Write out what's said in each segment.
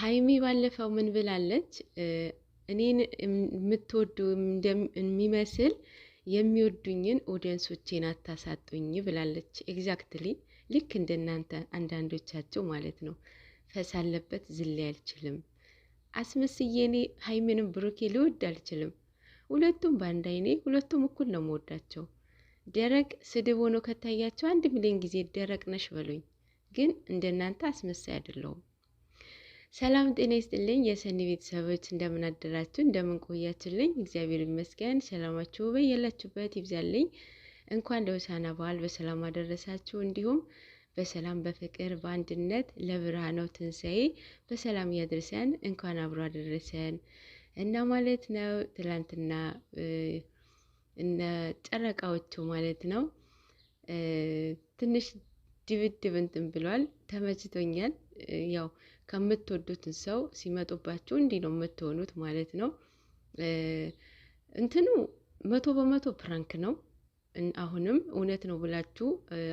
ሀይሚ ባለፈው ምን ብላለች? እኔን የምትወዱ የሚመስል የሚወዱኝን ኦዲየንሶቼን አታሳጡኝ ብላለች። ኤግዛክትሊ ልክ እንደናንተ አንዳንዶቻቸው ማለት ነው። ፈስ አለበት ዝሌ አልችልም፣ አስመስዬ እኔ ሀይሚንም ብሩኬ ልወድ አልችልም። ሁለቱም በአንድ አይኔ፣ ሁለቱም እኩል ነው መወዳቸው። ደረቅ ስድብ ሆኖ ከታያቸው አንድ ሚሊዮን ጊዜ ደረቅ ነሽ በሉኝ፣ ግን እንደናንተ አስመሳይ አይደለሁም። ሰላም ጤና ይስጥልኝ የሰኒ ቤተሰቦች፣ እንደምናደራችሁ ቆያችሁልኝ? እግዚአብሔር ይመስገን። ሰላማችሁ በያላችሁበት ይብዛልኝ። እንኳን ለሆሳዕና በዓል በሰላም አደረሳችሁ። እንዲሁም በሰላም በፍቅር በአንድነት ለብርሃነው ትንሣኤ በሰላም ያድርሰን። እንኳን አብሮ አደረሰን እና ማለት ነው ትላንትና እነ ጨረቃዎቹ ማለት ነው ትንሽ ድብድብ እንትን ብሏል። ተመችቶኛል ያው ከምትወዱትን ሰው ሲመጡባችሁ እንዲህ ነው የምትሆኑት ማለት ነው። እንትኑ መቶ በመቶ ፕራንክ ነው። አሁንም እውነት ነው ብላችሁ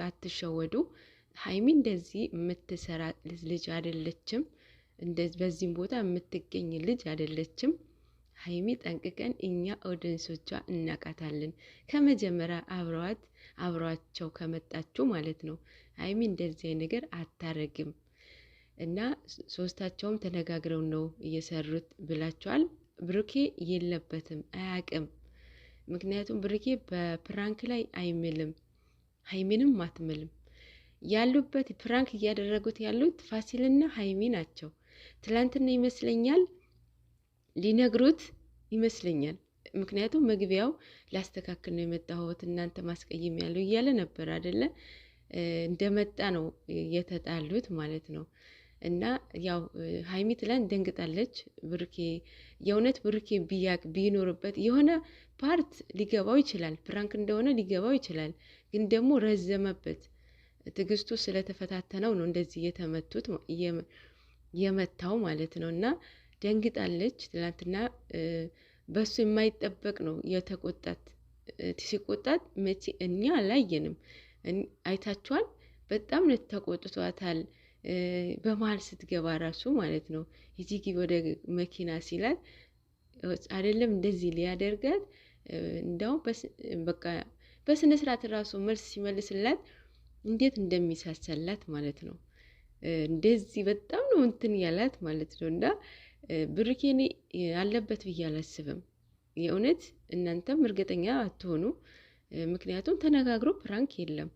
አትሸወዱ። ሀይሚ እንደዚህ የምትሰራ ልጅ አይደለችም። በዚህም ቦታ የምትገኝ ልጅ አይደለችም። ሀይሚ ጠንቅቀን እኛ ኦዲየንሶቿ እናቃታለን። ከመጀመሪያ አብረዋት አብረዋቸው ከመጣችሁ ማለት ነው ሀይሚ እንደዚህ ነገር አታረግም። እና ሶስታቸውም ተነጋግረው ነው እየሰሩት ብላቸዋል ብሩኬ የለበትም አያቅም። ምክንያቱም ብሩኬ በፕራንክ ላይ አይምልም፣ ሀይሚንም አትምልም። ያሉበት ፕራንክ እያደረጉት ያሉት ፋሲልና ሀይሚ ናቸው። ትላንትና ይመስለኛል ሊነግሩት ይመስለኛል። ምክንያቱም መግቢያው ላስተካክል ነው የመጣሁት እናንተ ማስቀይም ያለው እያለ ነበር አደለ? እንደመጣ ነው የተጣሉት ማለት ነው። እና ያው ሀይሚ ትላንት ደንግጣለች። ብርኬ የእውነት ብርኬ ቢያቅ ቢኖርበት የሆነ ፓርት ሊገባው ይችላል፣ ፕራንክ እንደሆነ ሊገባው ይችላል። ግን ደግሞ ረዘመበት። ትዕግስቱ ስለተፈታተነው ነው እንደዚህ የተመቱት የመታው ማለት ነው። እና ደንግጣለች። ትላንትና በሱ የማይጠበቅ ነው የተቆጣት። ሲቆጣት መቼ እኛ አላየንም። አይታችኋል? በጣም ተቆጥቷታል። በመሀል ስትገባ ራሱ ማለት ነው ሂጂጊ ወደ መኪና ሲላት አይደለም እንደዚህ ሊያደርጋት እንደውም በቃ በስነ ስርዓት ራሱ መልስ ሲመልስላት እንዴት እንደሚሳሰላት ማለት ነው። እንደዚህ በጣም ነው እንትን ያላት ማለት ነው። እና ብርኬኔ አለበት ብዬ አላስብም። የእውነት እናንተም እርግጠኛ አትሆኑ። ምክንያቱም ተነጋግሮ ፕራንክ የለም።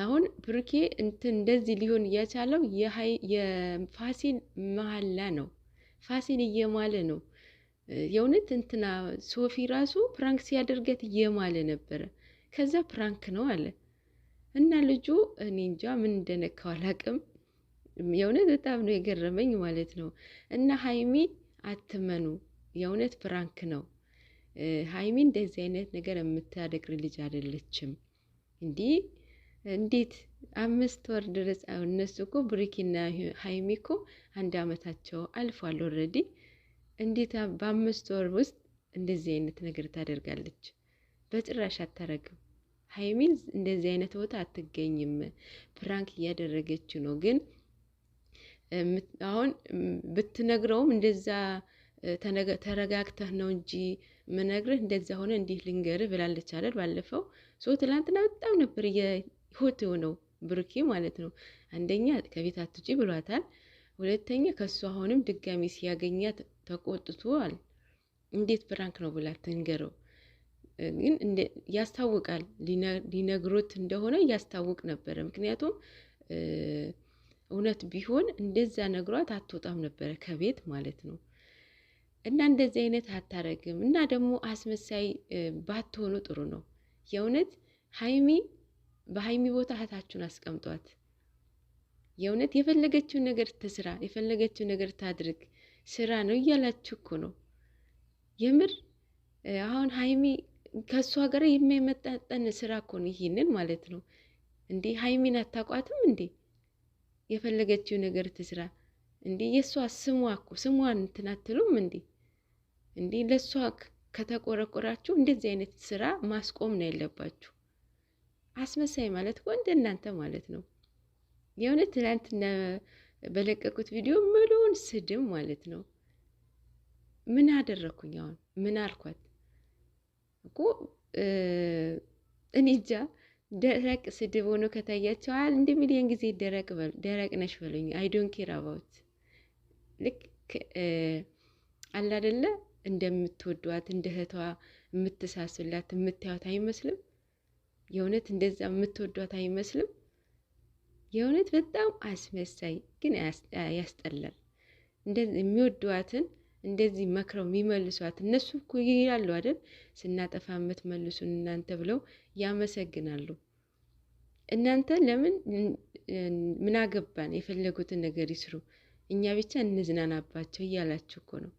አሁን ብሩኬ እንትን እንደዚህ ሊሆን እያቻለው የፋሲል መሀላ ነው። ፋሲል እየማለ ነው የእውነት እንትና ሶፊ ራሱ ፕራንክ ሲያደርገት እየማለ ነበረ። ከዛ ፕራንክ ነው አለ እና ልጁ እኔ እንጃ ምን እንደነካው አላቅም። የእውነት በጣም ነው የገረመኝ ማለት ነው። እና ሀይሚ አትመኑ፣ የእውነት ፕራንክ ነው። ሀይሚ እንደዚህ አይነት ነገር የምታደግር ልጅ አይደለችም እንዲህ እንዴት አምስት ወር ድረስ አሁን እነሱ እኮ ብሪኪና ሀይሚ እኮ አንድ አመታቸው አልፏል ኦልሬዲ። እንዴት በአምስት ወር ውስጥ እንደዚህ አይነት ነገር ታደርጋለች? በጭራሽ አታረግም። ሀይሚን እንደዚህ አይነት ቦታ አትገኝም። ፕራንክ እያደረገች ነው። ግን አሁን ብትነግረውም እንደዛ ተረጋግተህ ነው እንጂ ምነግርህ እንደዛ ሆነ እንዲህ ልንገርህ ብላለች አይደል? ባለፈው ሶ ትላንትና በጣም ነበር ህይወት የሆነው ብሩኬ ማለት ነው። አንደኛ ከቤት አትውጪ ብሏታል። ሁለተኛ ከሱ አሁንም ድጋሚ ሲያገኛት ተቆጥቷል። እንዴት ብራንክ ነው ብላ ትንገረው? ግን ያስታውቃል፣ ሊነግሮት እንደሆነ ያስታውቅ ነበረ። ምክንያቱም እውነት ቢሆን እንደዛ ነግሯት አትወጣም ነበረ ከቤት ማለት ነው። እና እንደዚህ አይነት አታረግም። እና ደግሞ አስመሳይ ባትሆኑ ጥሩ ነው የእውነት ሀይሚ በሀይሚ ቦታ እህታችሁን አስቀምጧት። የእውነት የፈለገችውን ነገር ትስራ፣ የፈለገችው ነገር ታድርግ። ስራ ነው እያላችሁ እኮ ነው የምር። አሁን ሀይሚ ከእሷ ጋር የማይመጣጠን ስራ እኮ ነው ይህንን ማለት ነው። እንዴ ሀይሚን አታቋትም እንዴ? የፈለገችው ነገር ትስራ እንዴ። የእሷ ስሟ እኮ ስሟን እንትን አትሉም እንዴ? እንዴ ለእሷ ከተቆረቆራችሁ እንደዚህ አይነት ስራ ማስቆም ነው ያለባችሁ። አስመሳይ ማለት እኮ እንደ እናንተ ማለት ነው። የእውነት ትናንትና በለቀቁት ቪዲዮ ምሉውን ስድም ማለት ነው። ምን አደረግኩኝ? አሁን ምን አልኳት እኮ እኔ እንጃ። ደረቅ ስድብ ሆኖ ከታያቸው እንደ ሚሊዮን ጊዜ ደረቅ ነሽ በሉኝ። አይዶን ኬር አባውት ልክ አላደለ እንደምትወዷት እንደ እህቷ የምትሳሱላት የምታዩት አይመስልም። የእውነት እንደዛ የምትወዷት አይመስልም። የእውነት በጣም አስመሳይ ግን ያስጠላል። የሚወዷትን እንደዚህ መክረው የሚመልሷት እነሱ እኮ ይላሉ አይደል? ስናጠፋ የምትመልሱን እናንተ ብለው ያመሰግናሉ። እናንተ ለምን ምናገባን? የፈለጉትን ነገር ይስሩ፣ እኛ ብቻ እንዝናናባቸው እያላችሁ እኮ ነው።